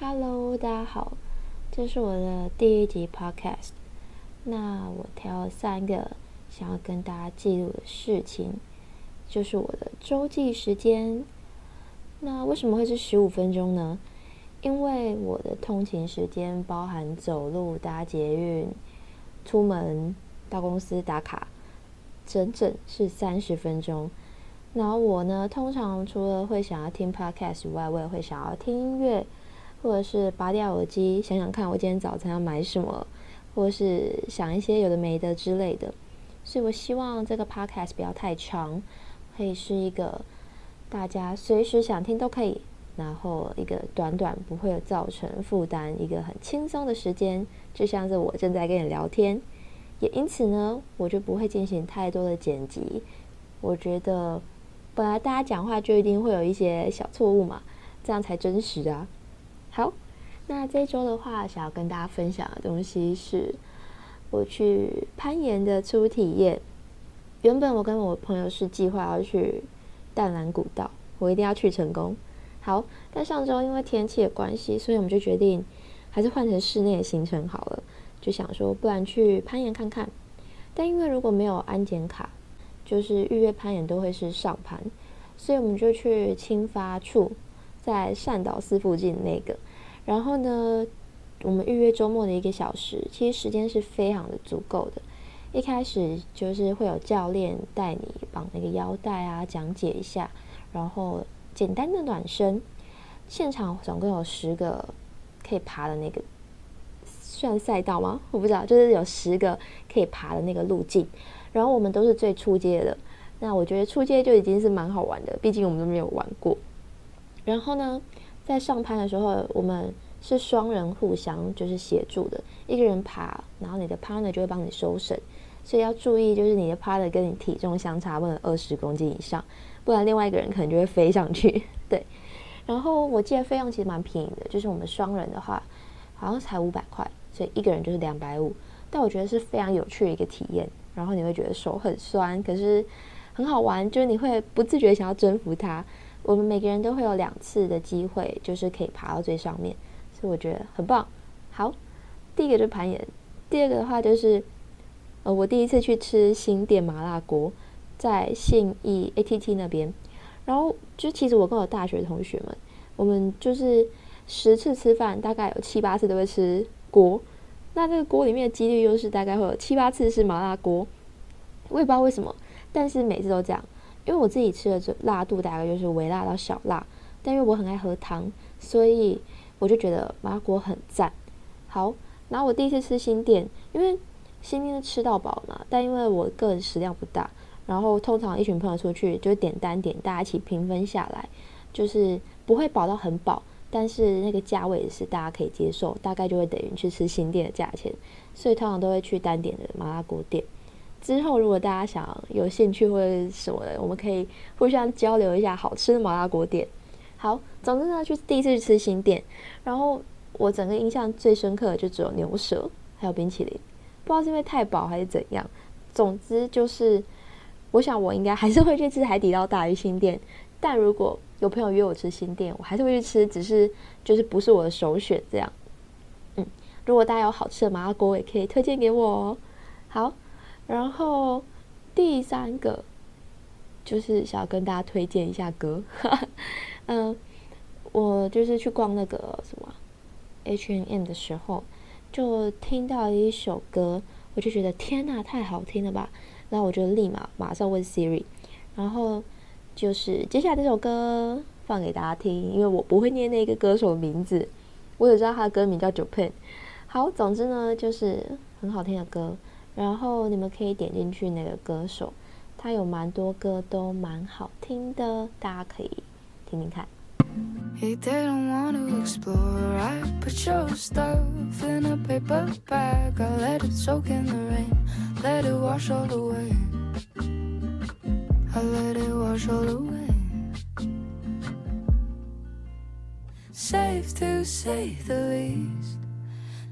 Hello，大家好，這是我的第一集 Podcast。那我挑了三個想要跟大家記錄的事情，就是我的週記時間。那為什麼會是十五分鐘呢？因為我的通勤時間包含走路、搭捷運、出門到公司打卡，整整是三十分鐘。然後我呢，通常除了會想要聽 Podcast 以外，我也會想要聽音樂。或者是拔掉耳機，想想看我今天早餐要買什麼，或者是想一些有的沒的之類的。所以我希望這個 podcast 不要太長，可以是一個大家隨時想聽都可以，然後一個短短不會有造成負擔，一個很輕鬆的時間，就像是我正在跟你聊天。也因此呢，我就不會進行太多的剪輯。我覺得本來大家講話就一定會有一些小錯誤嘛，這樣才真實啊。好，那這週的話，想要跟大家分享的東西是，我去攀岩的初體驗。原本我跟我朋友是計劃要去淡蘭古道，我一定要去成功。好，但上週因為天氣的關係，所以我們就決定還是換成室內的行程好了。就想說，不然去攀岩看看。但因為如果沒有安檢卡，就是預約攀岩都會是上攀，所以我們就去青發處，在善導寺附近那個。然後呢，我們預約周末的一個小時，其實時間是非常的足夠的。一開始就是會有教練帶你綁那個腰帶啊，講解一下，然後簡單的暖身。現場總共有十個可以爬的那個，算賽道嗎？我不知道，就是有十個可以爬的那個路徑。然後我們都是最初階的，那我覺得初階就已經是蠻好玩的，畢竟我們都沒有玩過。然後呢？在上攀的時候，我們是雙人互相就是協助的，一個人爬，然後你的 partner 就會幫你收繩，所以要注意就是你的 partner 跟你體重相差不能二十公斤以上，不然另外一個人可能就會飛上去。對，然後我記得費用其實蠻便宜的，就是我們雙人的話好像才五百塊，所以一個人就是兩百五。但我覺得是非常有趣的一個體驗，然後你會覺得手很酸，可是很好玩，就是你會不自覺想要征服它。我們每個人都會有兩次的機會，就是可以爬到最上面，所以我覺得很棒。好，第一個就是攀岩，第二個的話就是，呃，我第一次去吃辛殿麻辣鍋，在信義 ATT 那邊。然後就其實我跟我大學同學們，我們就是十次吃飯，大概有七八次都會吃鍋。那這個鍋裡面的幾率又是大概會有七八次是麻辣鍋，我也不知道為什麼，但是每次都這樣。因為我自己吃的就辣度大概就是微辣到小辣，但因為我很愛喝湯，所以我就覺得麻辣鍋很贊。好，然後我第一次吃辛殿，因為辛殿吃到飽嘛，但因為我個人食量不大，然後通常一群朋友出去就是點單點，大家一起平分下來，就是不會飽到很飽，但是那個價位也是大家可以接受，大概就會等於去吃辛殿的價錢，所以通常都會去單點的麻辣鍋店。之後，如果大家想有興趣或者什麼的，我們可以互相交流一下好吃的麻辣鍋店。好，總之呢，去、就是、第一次去吃辛殿，然後我整個印象最深刻的就只有牛舌，還有冰淇淋。不知道是因為太飽還是怎樣，總之就是，我想我應該還是會去吃海底撈大魚辛殿。但如果有朋友約我吃辛殿，我還是會去吃，只是就是不是我的首選這樣。嗯，如果大家有好吃的麻辣鍋，也可以推薦給我。哦。好。然後第三個就是想要跟大家推薦一下歌，哈哈，嗯、呃，我就是去逛那個什麼 H and M 的時候，就聽到一首歌，我就覺得天哪，太好聽了吧！然後我就立馬馬上問 Siri，然後就是接下來這首歌放給大家聽，因為我不會念那個歌手的名字，我只知道他的歌名叫 Japan。好，總之呢，就是很好聽的歌。然後你們可以點進去那個歌手，他有蠻多歌都蠻好聽的，大家可以聽聽看。He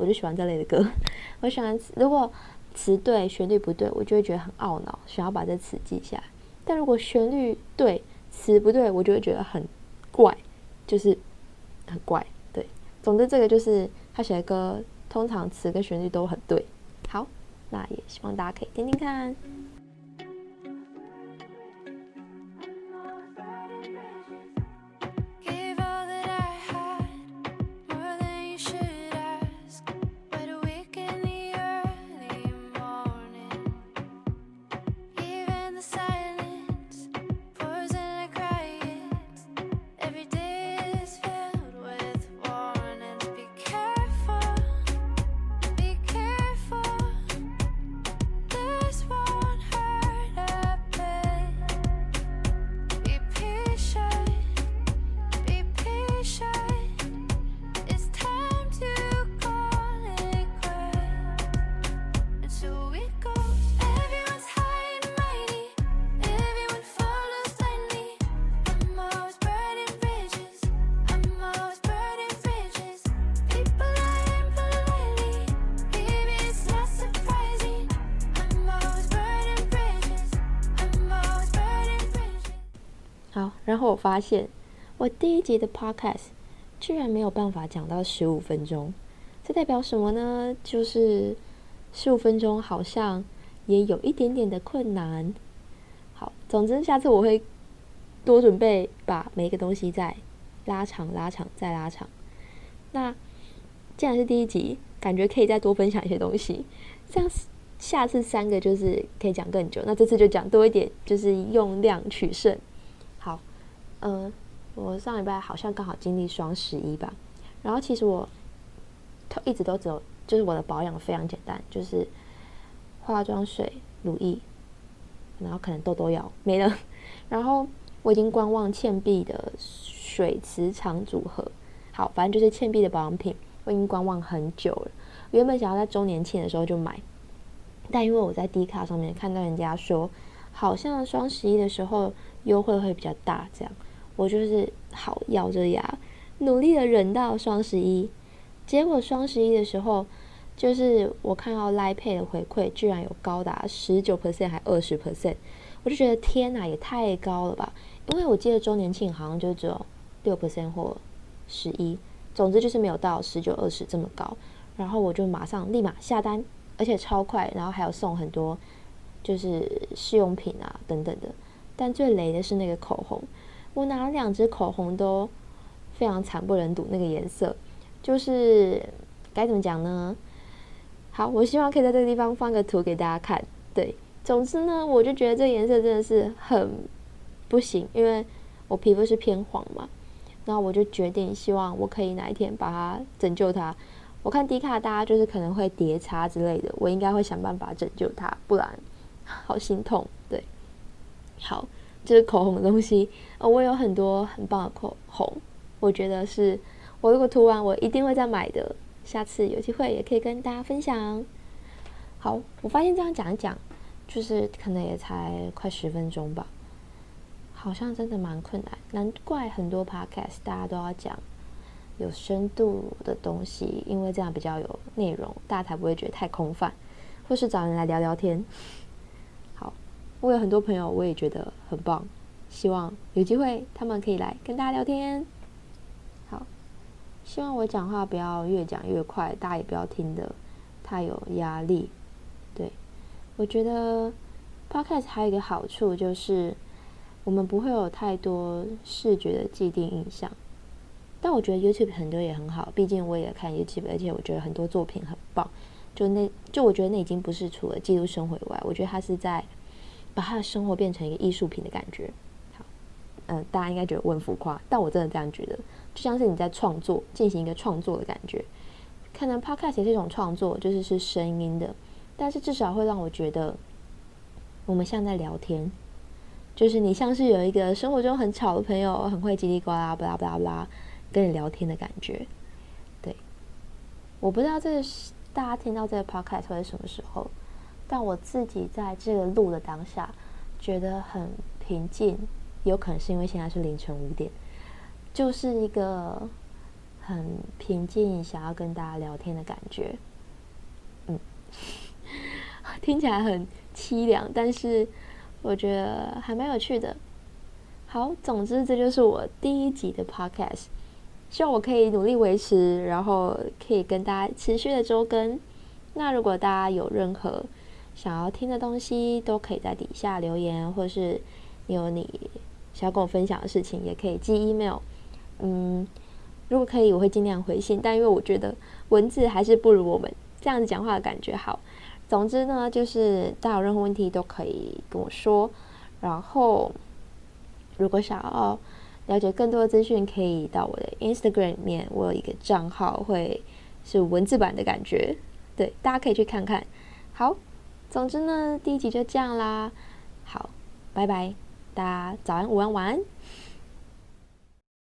我就喜歡這類的歌，我喜歡詞，如果詞對旋律不對，我就會覺得很懊惱，想要把這詞記下來。但如果旋律對詞不對，我就會覺得很怪，就是很怪。對，總之這個就是他寫的歌，通常詞跟旋律都很對。好，那也希望大家可以聽聽看。好，然後我發現我第一集的 podcast 居然沒有辦法講到十五分鐘，這代表什麼呢？就是十五分鐘好像也有一點點的困難。好，總之下次我會多準備，把每一個東西再拉長、拉長、再拉長。那既然是第一集，感覺可以再多分享一些東西，這樣下次三個就是可以講更久。那這次就講多一點，就是用量取勝。嗯，我上禮拜好像剛好經歷雙十一吧。然後其實我一直都只有，就是我的保養非常簡單，就是化妝水、乳液，然後可能痘痘藥沒了。然後我已經觀望倩碧的水磁場組合，好，反正就是倩碧的保養品我已經觀望很久了。原本想要在周年慶的時候就買，但因為我在 D 卡上面看到人家說，好像雙十一的時候優惠會比較大，這樣。我就是好咬着牙，努力的忍到雙十一，結果雙十一的時候，就是我看到 Line Pay 的回饋居然有高達十九 percent 還二十 percent，我就覺得天吶，也太高了吧！因為我記得周年慶好像就只有六 percent 或十一，總之就是沒有到十九二十這麼高。然後我就馬上立馬下單，而且超快，然後還有送很多就是試用品啊等等的。但最雷的是那個口紅。我拿了兩支口紅，都非常慘不忍睹。那個顏色就是該怎麼講呢？好，我希望可以在這個地方放個圖給大家看。對，總之呢，我就覺得這個顏色真的是很不行，因為我皮膚是偏黃嘛。然後我就決定，希望我可以哪一天把它拯救它。我看迪卡 Dcard，大家就是可能會疊擦之類的，我應該會想辦法拯救它，不然好心痛。對，好。就是口紅的東西哦，我有很多很棒的口紅，我覺得是，我如果塗完，我一定會再買的。下次有機會也可以跟大家分享。好，我發現這樣講一講，就是可能也才快十分鐘吧，好像真的蠻困難，難怪很多 podcast 大家都要講有深度的東西，因為這樣比較有內容，大家才不會覺得太空泛，或是找人來聊聊天。我有很多朋友，我也覺得很棒。希望有機會他們可以來跟大家聊天。好，希望我講話不要越講越快，大家也不要聽得太有壓力。對，我覺得 Podcast 還有一個好處就是，我們不會有太多視覺的既定印象。但我覺得 YouTube 很多也很好，畢竟我也看 YouTube，而且我覺得很多作品很棒。就那就我覺得那已經不是除了記錄生活以外，我覺得它是在。把他的生活變成一個藝術品的感覺，好，嗯、呃，大家應該覺得我很浮誇，但我真的這樣覺得，就像是你在創作，進行一個創作的感覺。可能 Podcast 也是一種創作，就是是聲音的，但是至少會讓我覺得，我們像在聊天，就是你像是有一個生活中很吵的朋友，很會嘰里呱啦、巴啦巴啦巴拉跟你聊天的感覺。對，我不知道這是大家聽到這個 Podcast 是在什麼時候。但我自己在這個錄的當下，覺得很平靜，有可能是因為現在是凌晨五點，就是一個很平靜想要跟大家聊天的感覺。嗯，聽起來很淒涼，但是我覺得還蠻有趣的。好，總之這就是我第一集的 podcast，希望我可以努力維持，然後可以跟大家持續的周更。那如果大家有任何想要聽的東西都可以在底下留言，或是有你想要跟我分享的事情，也可以寄 Email。嗯，如果可以，我會盡量回信。但因為我覺得文字還是不如我們這樣子講話的感覺好。總之呢，就是大家有任何問題都可以跟我說。然後，如果想要了解更多的資訊，可以到我的 Instagram 裡面，我有一個賬號會是文字版的感覺，對，大家可以去看看。好。總之呢，第一集就這樣啦。好，拜拜，大家早安、午安、晚安。